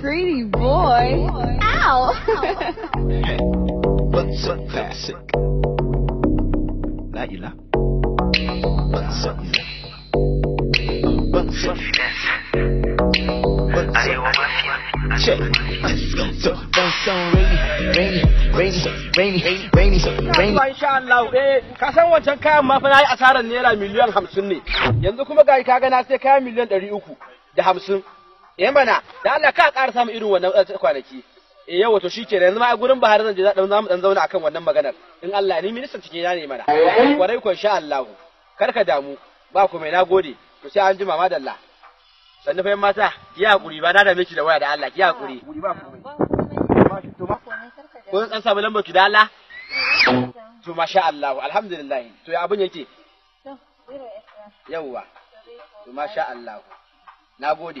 Greedy boy. Ow! What's up, classic? What's up? What's up, Check. Let's go. So, rainy, rainy, rainy, rainy, rainy, rainy. eh mana da Allah ka ƙara samu irin wannan eh, kwanaki eh yawa to shikenan yanzu ma gurin Buhari zan je za mu dan zauna akan wannan maganar in Allah ni minister cikin na ne mana kwarai ko insha Allah kar ka damu ba ku mai nagode to sai an ji mama da Allah sannan fa mata ki hakuri ba na da miki da waya da Allah ki hakuri ko an samu lambar ki da Allah to masha Allah alhamdulillah to ya abin yake yawwa to masha Allah nagode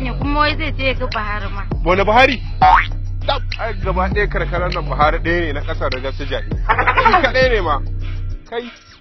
ne kuma wai zai je ga Buhari ma. Wani Buhari? Ai gaba ɗaya karkarar nan Buhari ɗaya ne na ƙasar da gasu jaɗi. Shi kaɗai ne ma. Kai.